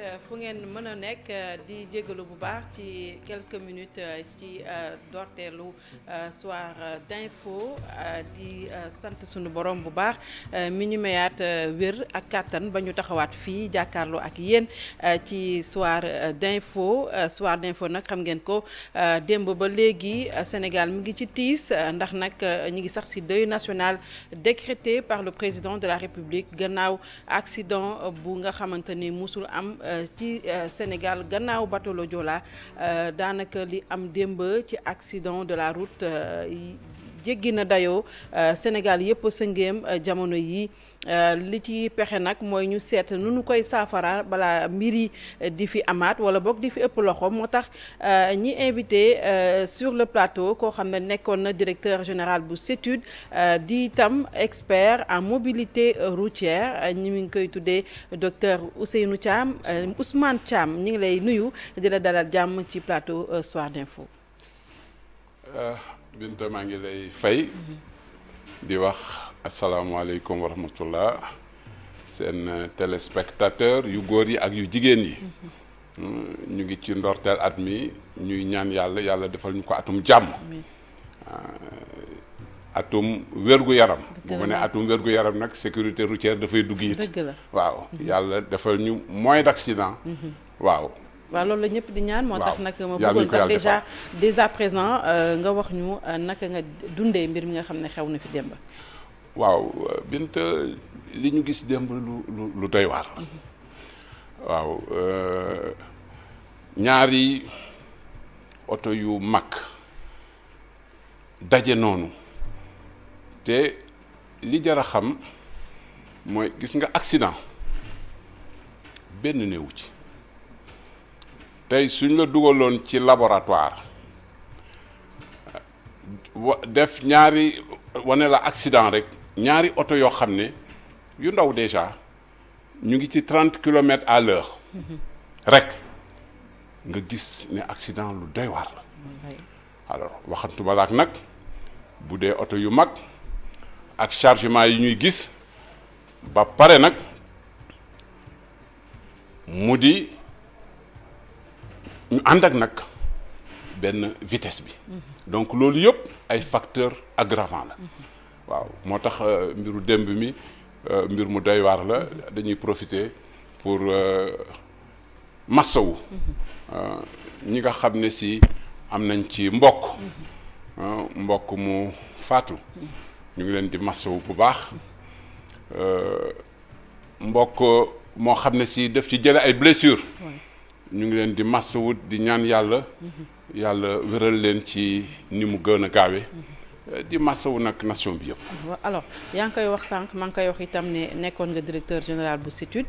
Euh, fu ngeen mën a nekk euh, di jégalu bu baax ci quelques minutes euh, ci dorteelu soir d'info di sant sunu borom bu baax mi ñu mayaat wér ak kàttan ba ñu taxawaat fii jàkkaarloo ak yéen ci soir d'info soir d'info nag xam ngeen ko démb ba léegi Sénégal mu ngi ci tiis ndax nag ñi ngi sax ci deuil national décrété par le président de la République gannaaw accident bu nga xamante ni am Euh, ci euh, Sénégal gannaaw bateau le euh, daanaka li am démb ci accident de la route jéggi na dayoo euh, Sénégal yëpp sëngeem euh, jamono yi euh, li ci pexe nag mooy ñu seet nu ñu koy saafara balaa mbir yi di fi amaat wala boog di fi ëpp loxo moo tax ñi invité sur le plateau koo xam ne nekkoon na directeur général bu CETUD di itam expert en mobilité routière ñi mu ngi koy tuddee docteur Ousseynou Thiam Ousmane Thiam ñu ngi lay nuyu di la dalal jàmm ci plateau Soir d'info Binta maa ngi lay fay mm-hmm. di wax asalaamaaleykum wa rahmatullah seen euh, téléspectateur yu góor yi ak yu jigéen yi mm-hmm. mm, ñu ngi ci ndorteel at mi ñuy ñaan yàlla yàlla defal ñu ko atum jàmm euh, atum wér-gu-yaram bu ma ne atum wér-gu-yaram nag sécurité routière dafay dugg it waaw mm-hmm. yàlla defal ñu moins d'accident waaw waaw loolu la ñëpp di ñaan moo tax nag ma bëggoon sax déjà dès à présent euh, nga wax ñu euh, naka nga dundee mbir mi nga xam ne xew na fi démb waaw Binta li ñu gis démb lu lu lu mhm. waaw euh, ñaari oto yu mag daje noonu te li jar a xam mooy gis nga accident benn néewu ci tey suñ la dugaloon ci laboratoire wa def ñaari wane la accident rek ñaari oto yoo xam ne yu ndaw déjà ñu ngi ci trente kilomètres à l'heure rek nga gis ni accident lu doy waar la alors waxantuma laak nag bu dee oto yu mag ak chargement yi ñuy gis ba pare nag mu di ñu ànd ak nag benn vitesse bi donc loolu yëpp ay facteurs aggravants la waaw moo tax euh, mbiru démb mi euh, mbir mu doy waar la dañuy profiter pour euh, massawu ñi nga xam ne si am nañ ci mbokk mbokk mu faatu ñu ngi leen di massawu bu baax mbokk moo xam ne si daf ci jële ay blessures ñu ngi leen di massawut di ñaan yàlla mhm. yàlla wéral leen ci ni mu gën a gaawe mhm. di wu nag nation bi yëpp. alors yaa ngi koy wax sànq maa ngi koy wax itam ne nekkoon nga directeur général bu CETUD.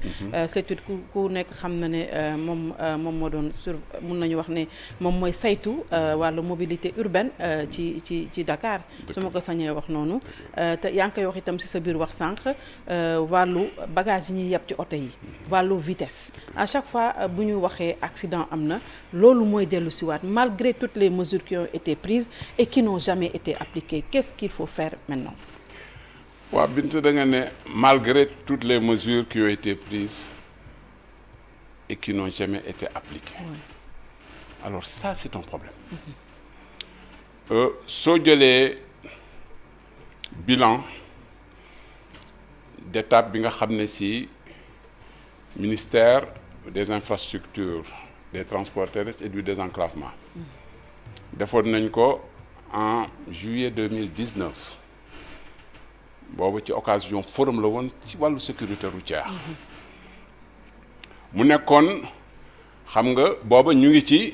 CETUD mhm. euh, ku ku nekk xam na ne euh, moom euh, moom moo doon sur mun nañu wax ne moom mooy saytu wàllu mobilité urbaine ci ci ci Dakar. su ma ko sañee wax noonu. te yaa ngi koy wax itam si sa biir wax sànq wàllu bagage yi ñuy yeb ci oto yi. wàllu vitesse. à chaque fois bu ñu waxee accident am na loolu mooy dellu siwaat malgré toutes les mesures qui ont été prises appliquer qu'est-ce qu'il faut faire maintenant waaw ne malgré toutes les mesures qui ont été prises et qui n'ont jamais été appliquées alors ça c'est un problème euh, soo jëlee bilan d'étape bi nga xam ne si ministère des infrastructures des transports terrestres et du désenclavement mm. defoon nañ ko en juillet 2019 boobu ci occasion forum la woon ci wàllu sécurité routière mu nekkoon xam nga booba ñu ngi ci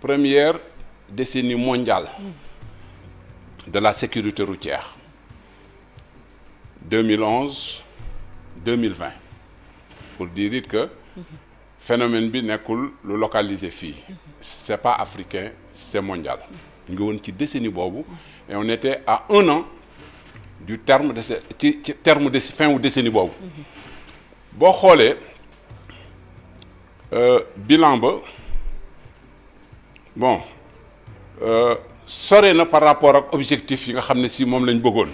première décennie mondiale de la sécurité routière 2011 2020 pour dire que phénomène bi nekkul lu localisé fii c'est pas africain c'est mondial ñu ngi woon ci décennie boobu et on était à un an du terme de ci ci terme de fin u décennie boobu boo xoolee euh, bilan ba bon euh, sore na par rapport ak objectif yi nga xam ne si moom lañ bëggoon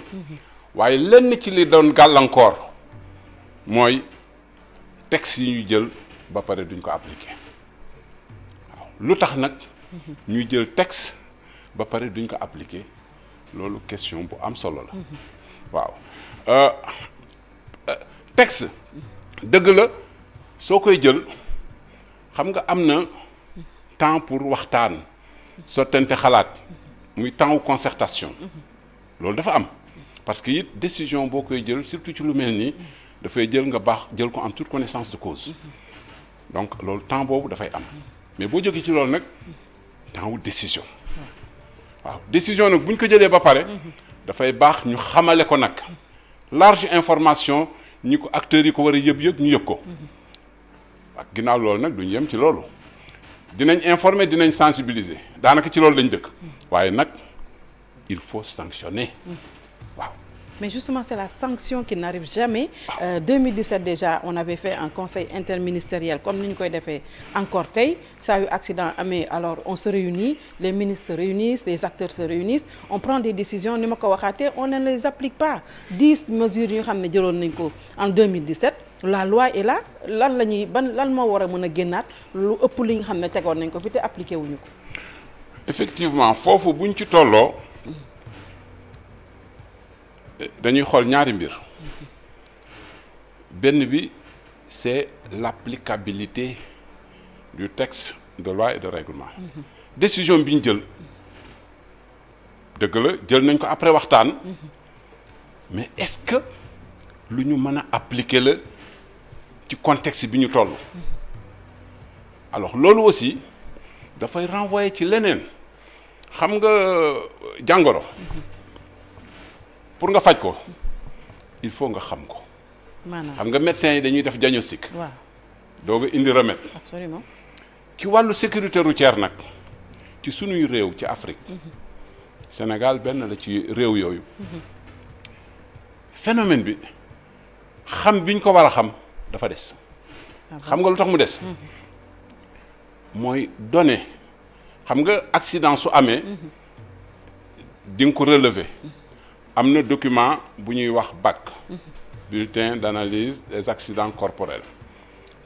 waaye lenn ci li doon gàllankoor mooy texte yi ñu jël ba pare duñ ko appliquer waaw lu tax nag ñuy jël texte ba pare duñ ko appliquer loolu question bu am solo la waaw euh, euh, texte dëgg la soo koy jël xam nga am na temps pour waxtaan sottante xalaat muy temps consertation loolu dafa am parce que it décision boo koy jël surtout ci lu mel nii dafay jël nga baax jël ko en toute connaissance de cause donc loolu temps boobu dafay am mais boo jógee ci loolu nag temps wu décision waaw décision nag bu ñu ko jëlee ba pare dafay baax ñu xamale ko nag large information ñi ko acteurs yi ko war a yëg yëg ñu yëg ko ak ginnaaw loolu nag duñu yem ci loolu dinañ informer dinañ sensibiliser daanaka ci loolu lañ dëkk waaye nag il faut sanctionner Mais justement, c'est la sanction qui n'arrive jamais. Euh, 2017 déjà, on avait fait un conseil interministériel, comme nous l'avons fait en Corteil. Ça a eu accident, mais alors on se réunit, les ministres se réunissent, les acteurs se réunissent, on prend des décisions, on ne les applique pas. 10 mesures en 2017, la loi est là, lan lañuy ban lan moo war a mën a génnaat lu ëpp li nga xam ne tegoon nañ ko fi te appliqué wuñu ko. effectivement foofu bu ñu ci tolloo dañuy xool ñaari mbir benn bi c'est l'applicabilité du texte de loi de règlement mhm. décision bi ñu jël dëgg la jël nañ ko après waxtaan mhm. mais est-ce que lu ñu mën a appliquer la ci contexte bi ñu toll mhm. alors loolu aussi dafay renvoyé ci leneen xam nga euh, jàngoro pour nga faj ko il faut nga xam ko. maanaam xam nga médecins yi dañuy def diagnostic. waaw doog a indi remède. absolument. ci wàllu sécurité routière nag ci suñuy réew ci Afrique. Mhm. Sénégal benn la ci réew yooyu. phénomène bi xam biñ ko war a xam dafa des. Ah xam nga lu tax mu des. Mhm. mooy donné xam nga accident su amee. Mhm. di nga ko relever. am na document bu ñuy wax BAC bulletin d'analyse des accidents corporels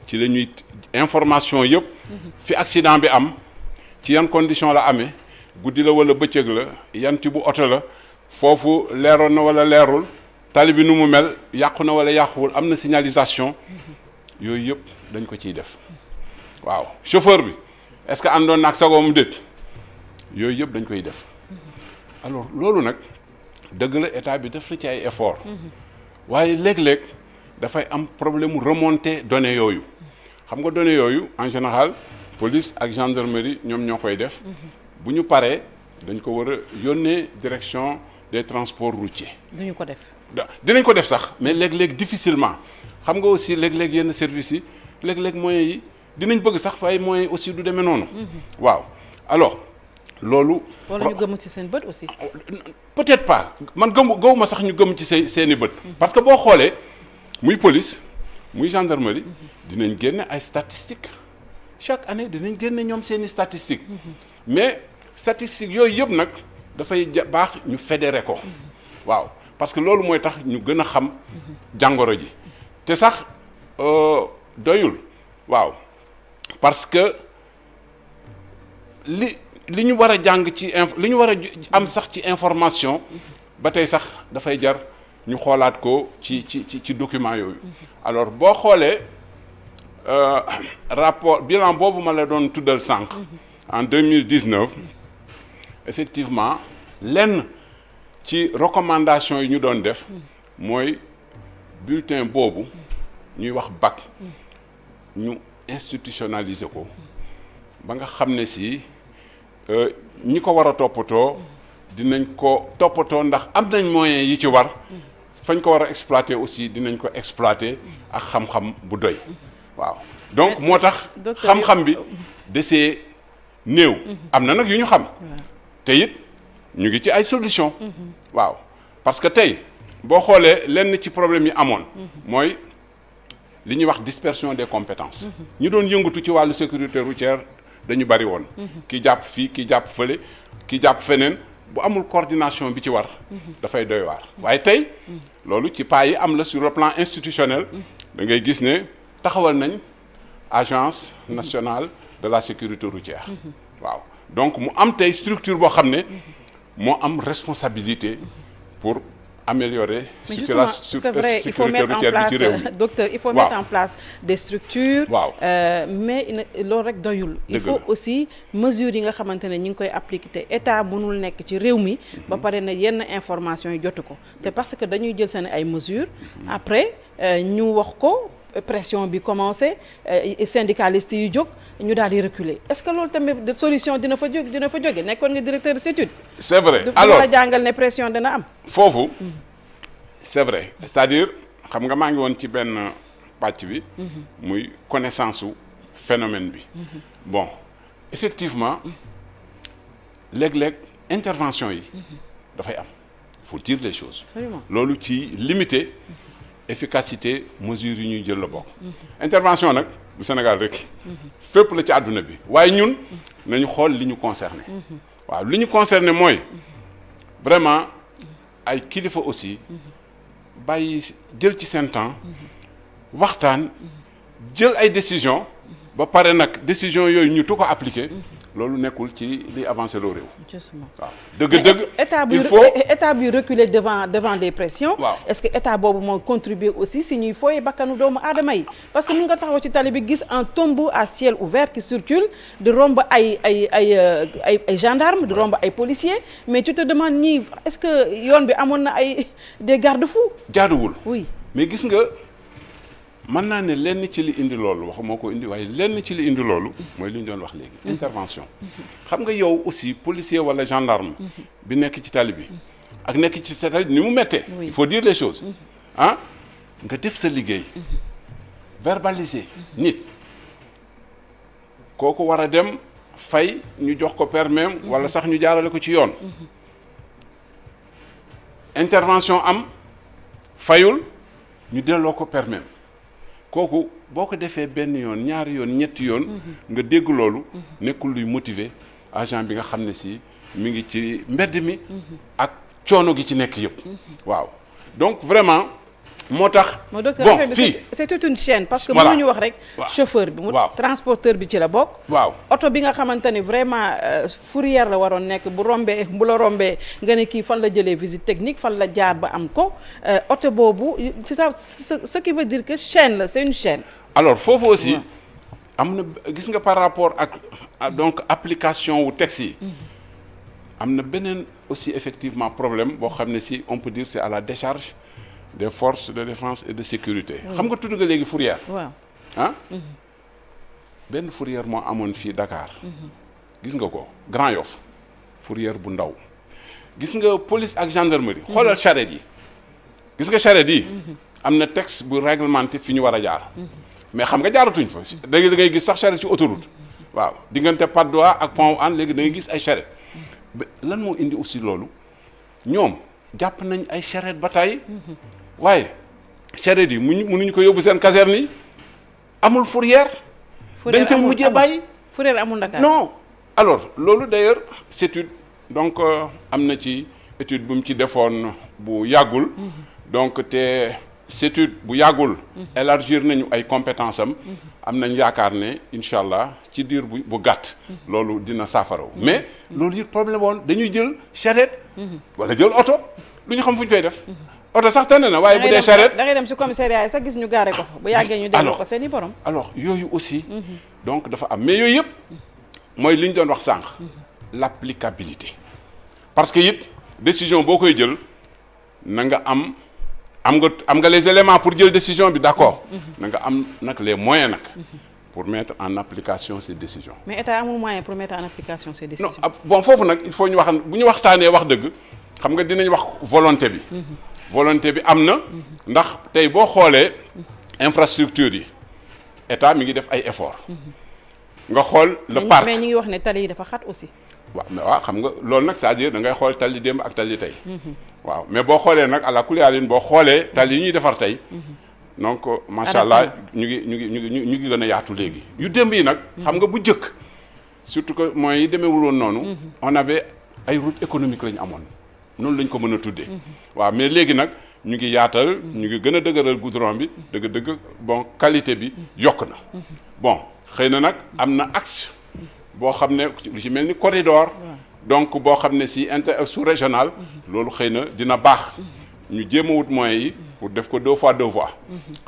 ci lañuy information yëpp fi accident bi am ci yan condition la amee guddi la wala bëccëg la yan bu oto la foofu leeroon na wala leerul tali bi nu mu mel yàqu na wala yàquwul am na signalisation yooyu yëpp dañ ko ciy def waaw chauffeur bi est-ce que àndoon na ak mu déet yooyu yëpp dañ koy def alors loolu nag dëgg la état bi def na ci ay effort waaye léeg-léeg dafay am problème mu remonter données yooyu xam nga données yooyu en général police ak gendarmerie ñoom ñoo koy def bu ñu paree dañ ko war a yónnee direction des transports routiers. duñu ko def dinañ ko def sax mais léeg-léeg difficilement xam nga aussi léeg-léeg yenn services yi léeg-léeg moyens yi dinañ bëgg sax waaye moyens yi aussi du demee noonu mhm. waaw alors loolu. wala ñu gëm ci seen bët aussi. peut-être pas man gëmu gëwuma sax ñu gëm ci seen seen bët. parce que boo xoolee muy police muy gendarmerie. dinañ génne ay statistiques chaque année dinañ génne ñoom seeni i mais statistiques yooyu yëpp nag dafay baax ñu fédéré ko. waaw parce que loolu mooy tax ñu gën a xam jàngoro ji te sax euh, doyul waaw parce que li. li ñu war a jàng ci li ñu war a am sax ci information ba tey sax dafay jar ñu xoolaat ko ci ci ci ci document yooyu alors boo xoolee euh, rapport bilan boobu ma la doon tuddal sànq en 2019 effectivement lenn ci recommandation yi ñu doon def mooy bulletin boobu ñuy wax BAC ñu institutionnaliser ko ba nga xam ne si Euh, ñi ko war a toppatoo dinañ ko toppatoo ndax am nañ moyens yi ci war fañ ko war a exploiter aussi dinañ ko exploité ak xam-xam bu doy waaw donc moo tax xam-xam bi desee néew mhm. am na nag yu ñu xam te it ñu ngi ci ay solution mhm. waaw parce que tey boo xoolee lenn ci problème yi amoon mhm. mooy li ñuy wax dispersion des compétence ñu doon yëngatu ci wàllu sécurité routière dañu bari woon. Mhm. ki jàpp fii ki jàpp fële ki jàpp feneen bu amul coordination bi ci war. Mhm. dafay doy waar waaye tey. Mhm. loolu ci pas yi am la sur le plan institutionnel. da ngay gis ne taxawal nañ agence nationale de la sécurité routière waaw donc mu am tey structure boo xam ne moo am responsabilité pour. améliorer sur la sécurité routière bi ci réew mi euh, docteur il faut wow. mettre en place des structures waaw euh, mais loolu rek doyul il faut aussi mesure yi nga xamante ne ñi ngi koy appliquer te état mënul nekk ci réew mi ba mhm. pare na yenn information yi jotu ko c'est parce que dañuy jël seen ay mesures mhm. après euh, ñu wax ko pression bi commencé euh, syndicaliste yu jóg ñu daal di reculer est-ce que loolu tamit solution dina fa jóg dina fa jóge nekkoon nga directeur d'étude. c'est vrai alors la jàngal ne pression dina am. foofu mm-hmm. c'est vrai c'est-à-dire xam nga maa ngi woon ci benn pàcc bi. Mm-hmm. muy connaissance su phénomène bi. Mm-hmm. bon effectivement léeg-léeg intervention yi. dafay am faut dire les choses. loolu ci limiter. efficacité mesure yu ñuy jël la bokk. intervention nag du Sénégal rek. fépp la ci àdduna bi waaye ñun nañu xool li ñu concerné. waaw li ñu concerné mooy vraiment ay kilifa aussi bàyyi jël ci seen temps waxtaan jël ay décision ba pare nag décision yooyu ñu tu ko appliqué. loolu nekkul ci li avancé loo réew. justement waaw dëgg-dëgg. état bu état buy reculer devant devant les pressions. est-ce que état boobu moo contribuer aussi si ñuy fooyee bakkanu doomu aadama yi. parce que mun nga taxaw ci tali bi gis un tombeau à ciel ouvert qui circule di romb ay ay ay euh, ay ay gendarmes di romb ay policiers mais tu te demandes ñii est-ce que yoon bi amoon na ay des garde-fous. jaaduwul oui mais gis nga. mën naa ne lenn ci li indi loolu wax ko indi waaye lenn ci li indi loolu mooy li ñu doon wax léegi intervention xam nga yow aussi policier walla gendarme bi nekk ci tali bi ak nekk ci tali bi ni mu méttee il faut dire les choses ah nga def sa liggéey verbaliser nit kooku war a dem fay ñu jox ko permis walla sax ñu jaarale ko ci yoon intervention am fayul ñu delloo ko permis kooku boo ko defee benn yoon ñaari yoon ñetti yoon. nga dégg loolu. nekkul luy motiver agent bi nga xam ne si mu ngi ci mbedd mi. ak coono gi ci nekk yëpp. waaw donc vraiment. moo tax bon fii c'est toute une chaîne parce que mënuñu wax rek chauffeur bi mu transporteur bi ci la bokk waaw oto bi nga xamante ni vraiment euh, fourrière la waroon nekk bu rombee bu la rombee nga ne kii fan la jëlee visite technique fan la jaar ba am ko euh, oto boobu c'est ça ce qui veut dire que chaîne la c'est une chaîne alors foofu aussi am na gis nga par rapport ak donc application wu texte yi mm-hmm. am na beneen aussi effectivement problème boo xam ne si on peut dire c'est à la décharge des force de défense et de sécurité. xam nga tudd nga léegi fourrière. waaw mhm. benn fourière moo amoon fii Dakar. Mhm. gis nga ko Grand Yoff fourrière bu ndaw. gis nga police ak gendarmerie. Mhm. xoolal charrette yi. gis nga charrette yi. am na text bu réglementé fi ñu war a jaar. mais xam nga jaaratuñ fa. da ngay gis sax charrette ci autoroute. waaw diggante Patte d'Oie ak Pont Hann léegi da gis ay charrette. lan moo indi aussi loolu ñoom jàpp nañ ay charrette ba tey waaye charrette yi muñ munuñu ko yóbbu seen caserne yi amul fourrière. dañ koy mujjee bàyyi. fourrière amul Dakar non. alors loolu d'ailleurs c'est une donc euh, am na ci étude bu mu ci defoon bu yàggul. Mm-hmm. donc te étude bu yàggul. Mm-hmm. élargir nañu ay compétence am. Mm-hmm. am nañ yaakaar ne incha allah ci diir bu bu gàtt. loolu dina saafaraw mais loolu yëpp problème woon dañuy jël charrette. wala jël oto lu ñu xam fu ñu koy def. oto sax tane na waaye bu dee charrette da ngay dem ci commissariat yi sax gis ñu gaare ko bu yàggee ñu delloo ko seen borom alors yooyu aussi mhm. donc dafa am mais yooyu yëpp mooy li ñu doon wax sànq mhm. l'applicabilité parce que it décision boo koy jël na nga am am nga am nga les éléments pour jël décision bi d'accord mhm. na nga am nag les moyens nag pour mettre en application ces décision mais état amul moyen pour mettre en application ces décisions. non ah, bon foofu nag il faut ñu wax bu wax dëgg xam nga dinañ wax volonté bi. volonté bi am na ndax tey boo xoolee infrastructure yi état mi ngi def ay effort nga xool le parc mais ñu ngi wax ne tali yi dafa xat aussi waaw mais xam nga loolu nag cest à da ngay xool tali démb ak tali mhm. waaw mais boo xoolee nag àla boo xoolee tali yi ñuy defar tey mhm. donc macha allah ñu ngi ñu ngi ñu ngi ñu ngi gën a yaatu léegi yu démb yi nag mhm. xam nga bu njëkk surtout que mooy yi demeewuloon noonu on avait ay routes économiques la ñu amoon noonu lañ ko mën a tuddee. waaw mais léegi nag ñu ngi yaatal ñu ngi gën a dëgëral goudron bi dëgg-dëgg bon qualité bi yokk na. bon xëy na nag am na axe boo xam ne lu ci mel ni corridor. donc boo xam ne si inter sous régional. loolu xëy na dina baax. ñu jéem a wut moyens yi pour def ko deux fois deux voies.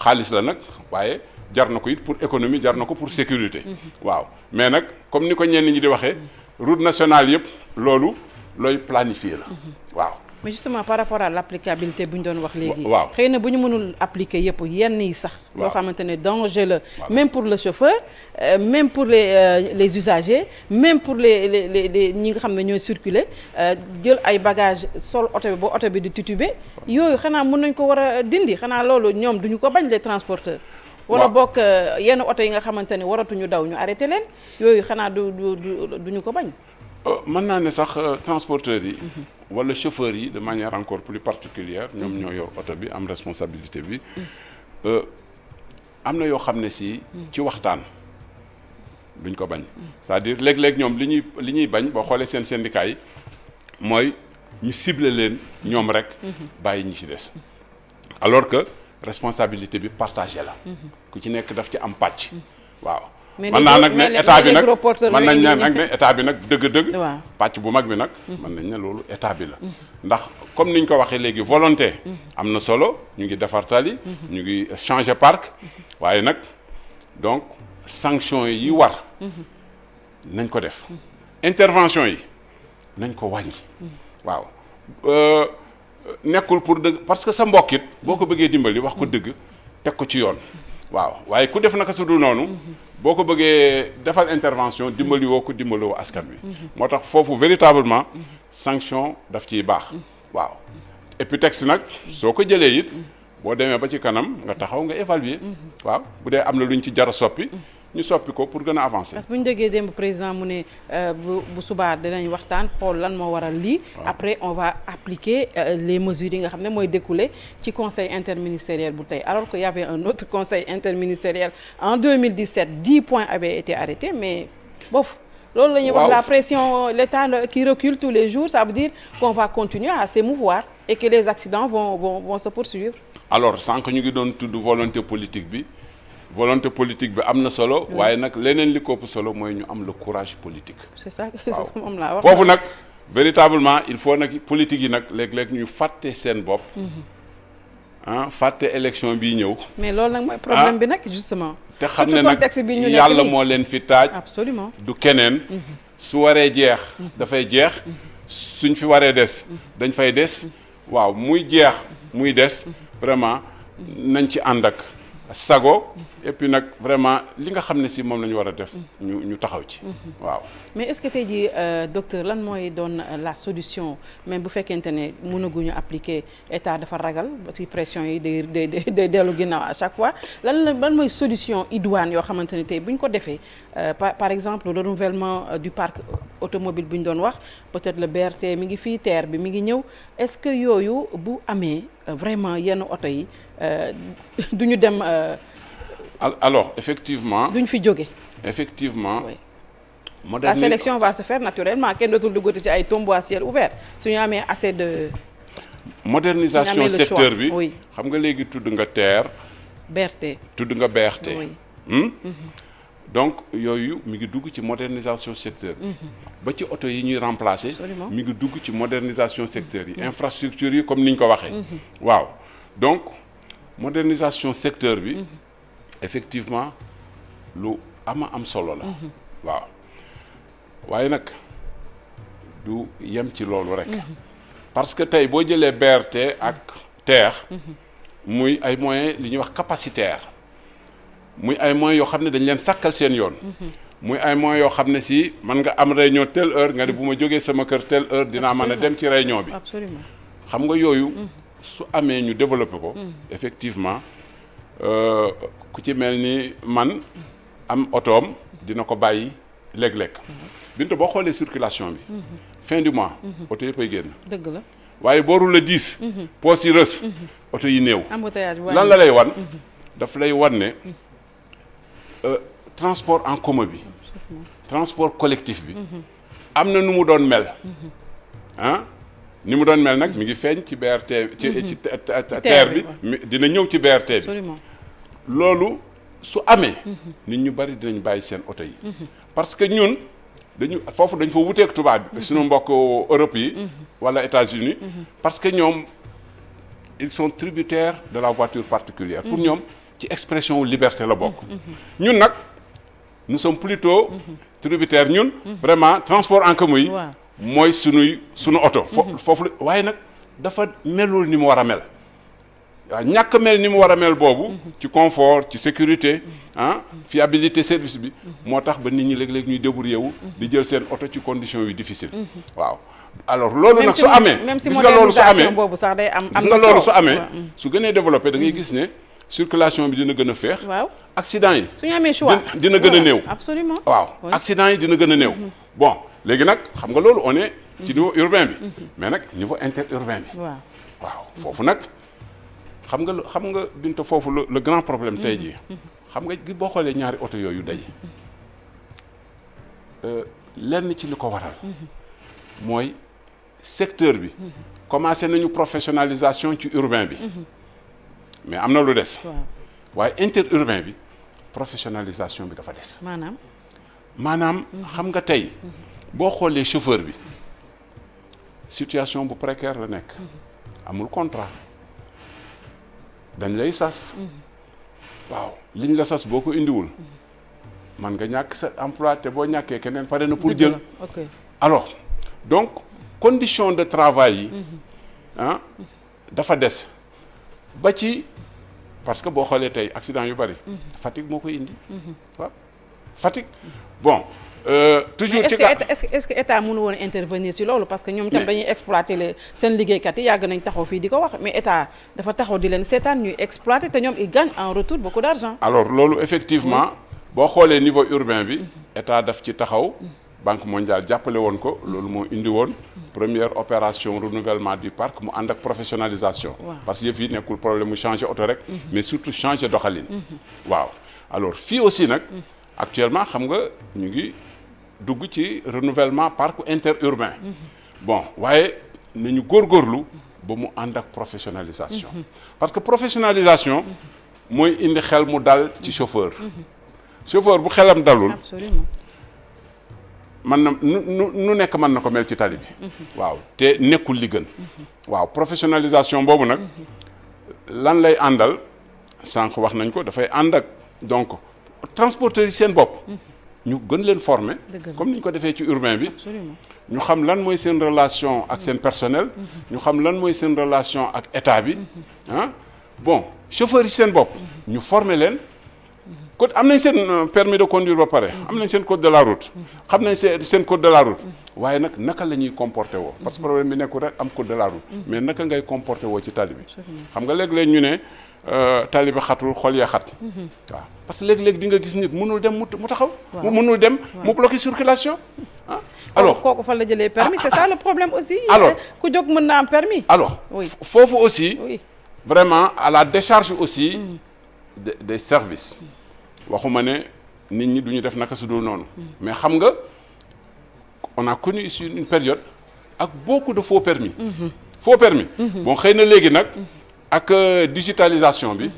xaalis la nag waaye jar na ko it pour économie jar na ko pour sécurité. waaw mais nag comme ni ko ñenn ñi di waxee route nationale yëpp loolu. looy planifier la mhm. waaw mais justement par rapport à l'applicabilité bu ñu doon wax léegi waaw xëy na bu ñu mënul appliquer yëpp yenn yi sax loo xamante ne danger la même pour le chauffeur euh, même pour les euh, les usagers même pour les les les ñi nga xam ne ñooy circuler euh, jël ay bagages sol oto bi ba oto bi di titubé yooyu xanaa mun nañ ko war a dindi xanaa loolu ñoom duñu ko bañ les transporteurs wala bokk euh, yenn oto yi nga xamante ne waratuñu daw ñu arrêté leen yooyu xanaa du du duñu ko bañ Euh, mën naa ne sax euh, transporteurs yi. wala chauffeurs yi de manière encore plus particulière ñoom ñoo yor oto bi am responsabilité bi. Euh, am na yoo xam ne si. ci waxtaan duñ ko bañ. c'est-à-dire léeg-léeg ñoom li ñuy li ñuy bañ boo xoolee seen syndicat yi mooy ñu sible leen ñoom rek. bàyyi ñi ci des. alors que responsabilité bi partagée la. ku ci nekk daf ci am pàcc. waaw. man naa nag ne état bi nag man nañ ne nag ne état bi nag dëgg-dëgg pàcc bu mag bi nag mën nañ ne loolu état bi la ndax comme ni ñu ko waxee léegi volonté am na solo ñu ngi defar tali ñu ngi changer parc waaye nag donc sanction yi war nañ ko def intervention yi nañ ko wàññi waaw euh, nekkul pour dëgg parce que sa mbokk it boo ko bëggee dimbali wax ko dëgg teg ko ci yoon waaw waaye ku def naka su dul noonu. boo ko bëggee defal intervention dimbali woo ko dimbali askan bi moo tax foofu véritablement sanction daf ciy baax. waaw et puis nag soo ko jëlee it boo demee ba ci kanam nga taxaw nga évaluer waaw bu dee am na lu ñu ci jar a soppi. ñu soppi ko pour gën a avancer. parce que bu ñu déggee démb président mu ne euh, bu bu subaa dinañ waxtaan xool lan moo waral lii. après on va appliquer euh, les mesures yi nga xam ne mooy découlé ci conseil interministériel bu tey alors que y avait un autre conseil interministériel en 2017 dix points avaient été arrêtés mais bof. loolu la ñuy wax la pression euh, l'État qui recule tous les jours ça veut dire qu'on va continuer à s'émouvoir et que les accidents vont vont vont se poursuivre. alors sànq ñu ngi doon tudd volonté politique bi. volonté politique bi am na solo. waaye nag leneen li ko solo mooy ñu am le courage politique. c'est moom laa wax foofu nag véritablement il faut nag politique yi nag léeg-léeg ñu fàtte seen bopp. Mhm. Ah, fàtte élection bi ñëw. mais loolu nag mooy ah. bi nag justement. te xam ne nag yàlla moo leen fi taaj. absolument du keneen. Mhm. su waree jeex. Mhm. dafay jeex. suñ fi waree des. dañ fay des. waaw muy jeex. muy des. vraiment nañ ci ànd ak sago. et puis nag vraiment li nga xam ne si moom la ñu war a def. ñu taxaw ci. Mm-hmm. waaw mais est-ce que tey jii euh, docteur lan mooy doon euh, la solution mais bu fekkente ne mënaguñu appliquer état dafa ragal ci pression yi day day day dellu ginnaaw à chaque fois lan la lan mooy solution idoine yoo xamante ne tey bu ñu ko defee euh, par exemple le renouvellement du parc automobile bu ñu doon wax peut-être le BRT mi ngi fii TER bi mu ngi ñëw est-ce que yooyu bu amee vraiment yenn oto yi du ñu dem. alors effectivement. duñ fi jóge. effectivement. Oui. la sélection va se faire naturellement kenn dootul duggati ci ay tombeaux à ciel ouvert su ñu amee assez de. modernisation secteur bi xam nga léegi tudd nga TER. BRT tudd nga BRT. Hmm? Mhm. donc yooyu mu ngi dugg ci modernisation secteur bi. Mhm. ba ci oto yi ñuy remplacer. mi ngi dugg ci modernisation secteur yi. Mm -hmm. infrastructure yi comme ni ñu ko waxee. Mhm. waaw donc modernisation secteur bi. effectivement lu ama am solo la. waaw waaye nag du yem ci loolu rek. parce que tey boo jëlee BRT ak TER. muy ay moyens li ñuy wax capacitaire muy ay moyens yoo xam ne dañ leen sàkkal seen yoon. muy ay moyens yoo xam ne si mën nga am ñoo tel heure nga ne bu ma jógee sama kër tel heure dinaa mën a dem ci réunion bi. absolument xam nga yooyu. Mm-hmm. su amee ñu développé ko. Mm-hmm. effectivement. Euh, ku ci mel ni man am otoom dina ko bàyyi léeg-léeg. bintu boo xoolee circulation bi. fin du mois. oto yëpp ay génn. dëgg la waaye boorul la dix. Mhm. poos yi rës. Mhm. oto yi néew. lan la lay wan. Mhm. daf lay wan ne euh, transport en commun bi. transport collectif bi. am na nu mu doon mel. ni mu doon mel nag mu ngi feeñ ci BRT ci ci TER bi dina ñëw ci BRT bi. loolu su amee. nit ñu bari dinañ bàyyi seen oto yi. parce que ñun dañu foofu dañ fa wuteek tubaab bi. suñu mbokk Europe yi. wala États-Unis parce que ñoom ils sont tributaires de la voiture particulière pour ñoom ci expression liberté la bokk. ñun nag nous sommes plutôt tributaires ñun. vraiment transport en commun yi. mooy suñuy sunu oto. Mhm. foofu waaye nag dafa melul ni mu war a mel. waaw ñàkk mel ni mu war a mel boobu ci confort ci sécurité ah fiabilité service bi moo tax ba nit ñi léeg-léeg ñuy débrouillé wu di jël seen oto ci conditions yu difficile waaw alors loolu nag su amee gis nga loolu su amee boobu sax day am gis nga loolu su amee su gënee développé da ngay mm-hmm. gis ne circulation bi dina gën a feex accident yi su amee choix dina gën a néew absolument waaw accident yi dina gën a néew mm-hmm. bon léegi nag xam nga loolu one ci mm-hmm. niveau urbain bi mais nag niveau interurbain bi waaw waaw foofu nag xam nga xam nga binta foofu le grand problème tey mm-hmm. jii xam nga gi boo xoolee ñaari oto yooyu daje mm-hmm. euh, lenn ci li ko waral mm-hmm. mooy secteur bi commencé nañu professionalisation ci urbain bi mais am na lu des waaye interurbain bi professionalisation bi dafa des maanaam maanaam xam nga tey boo xoolee chauffeur bi situation bu précaire la nekk amul contrat dañ lay sas waaw liñ la sas boo ko indiwul man nga ñàkk sa emploi te boo ñàkkee keneen pare na pour jël alors donc condition de travail yi mhm. ah dafa des ba ci parce que boo xoolee tey accident yu bari mhm. fatigue moo koy indi mhm. fatigue bon Euh, toujours ci cas est-ce que est-ce que état mënu woon intervenir ci loolu parce que ñoom tam dañuy exploiter les seen liggéeykat yi yàgg nañ taxaw fii di ko wax mais état dafa taxaw di leen seetaan ñuy exploiter te ñoom ils gagnent en retour beaucoup d'argent alors loolu effectivement boo xoolee niveau urbain bi état daf ci taxaw banque mondiale jàppale woon ko loolu moo indi woon première opération renouvellement du parc mu ànd ak professionnalisation parce que yëf yi nekkul mu changer oto rek mhm. mais surtout changer doxalin mhm. waaw alors fii aussi nag mhm. dugg ci renouvellement parc interurbain bon waaye nañu góorgóorlu ba mu ànd ak professionnalisation parce que professionalisation mooy indi xel mu dal ci chauffeur chauffeur bu xelam dalul man na nu nu nekk mën na ko mel ci tali bi waaw te nekkul li gën waaw professionnalisation boobu nag lan lay àndal sànq wax nañ ko dafay ànd ak donc transporteurs yi seen bopp ñu gën leen former comme ni ñu ko defee ci urbain bi ñu xam lan mooy seen relation ak seen personnel mm-hmm. ñu xam lan mooy seen relation ak état bi mm-hmm. ah bon chauffeur yi seen bopp mm-hmm. ñu forme leen code am nañ seen euh, permis de conduire ba pare am nañ seen code de la route xam nañ seen seen code de la route waaye nag naka la ñuy comporté woo parce que problème bi nekkul rek am code de la route mais naka ngay comporté woo ci tali bi xam nga léeg-léeg ñu ne Euh, taaliba xatul xol ya xat mhm. waaw parce que léeg-léeg di nga gis nit mënul dem mu taxaw mu mënul dem mu bloqué circulation ah alors kooku fan la jëlee permis ah, c'est ça ah. le problème aussi aloos ku jóg mën naa am permis alors foofu aussi vraiment à la décharge aussi mhm. de des services waxuma ne nit ñi du ñu def naka su dul noonu mhm. mais xam nga on a connu une période ak beaucoup de faux permis faux permis bon xëy na léegi nag ak euh, digitalisation bi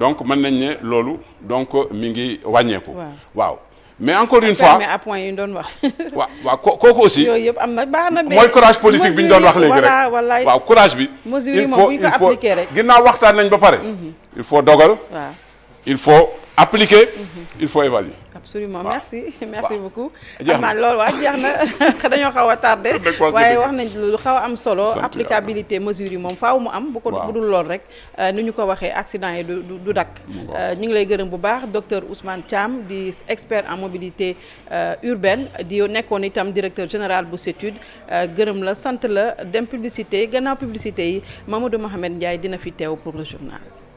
donc mën nañ ne loolu donc euh, mi ngi wàññeeku. waaw mais encore une fois à yi ñu doon wax. waaw waaw kooku aussi. yooyu yëpp am na baax na mooy courage politique bi ñu doon wax léegi rek waaw courage bi. mesure yi moom bu ñu ko appliquer il faut il faut ginnaaw nañ ba pare. Mhm. il faut dogal. il faut. appliquer il faut évaluer. absolument merci merci beaucoup. xam naa loolu waa jeex na dañoo xaw a tardé. waaye wax nañ lu xaw a am solo. applicabilité mesures yi moom faw mu am. bu ko budul lool rek. Euh, ni ñu ko waxee accident yi du du dakk euh, ñu ngi lay gërëm bu baax docteur Ousmane Thiam di expert en mobilité euh, urbaine di nekkoon itam directeur général bu CETUD gërëm la sant la dem publicité gannaaw publicité yi Mamadou Mohamed Ndiaye dina fi teew pour le journal.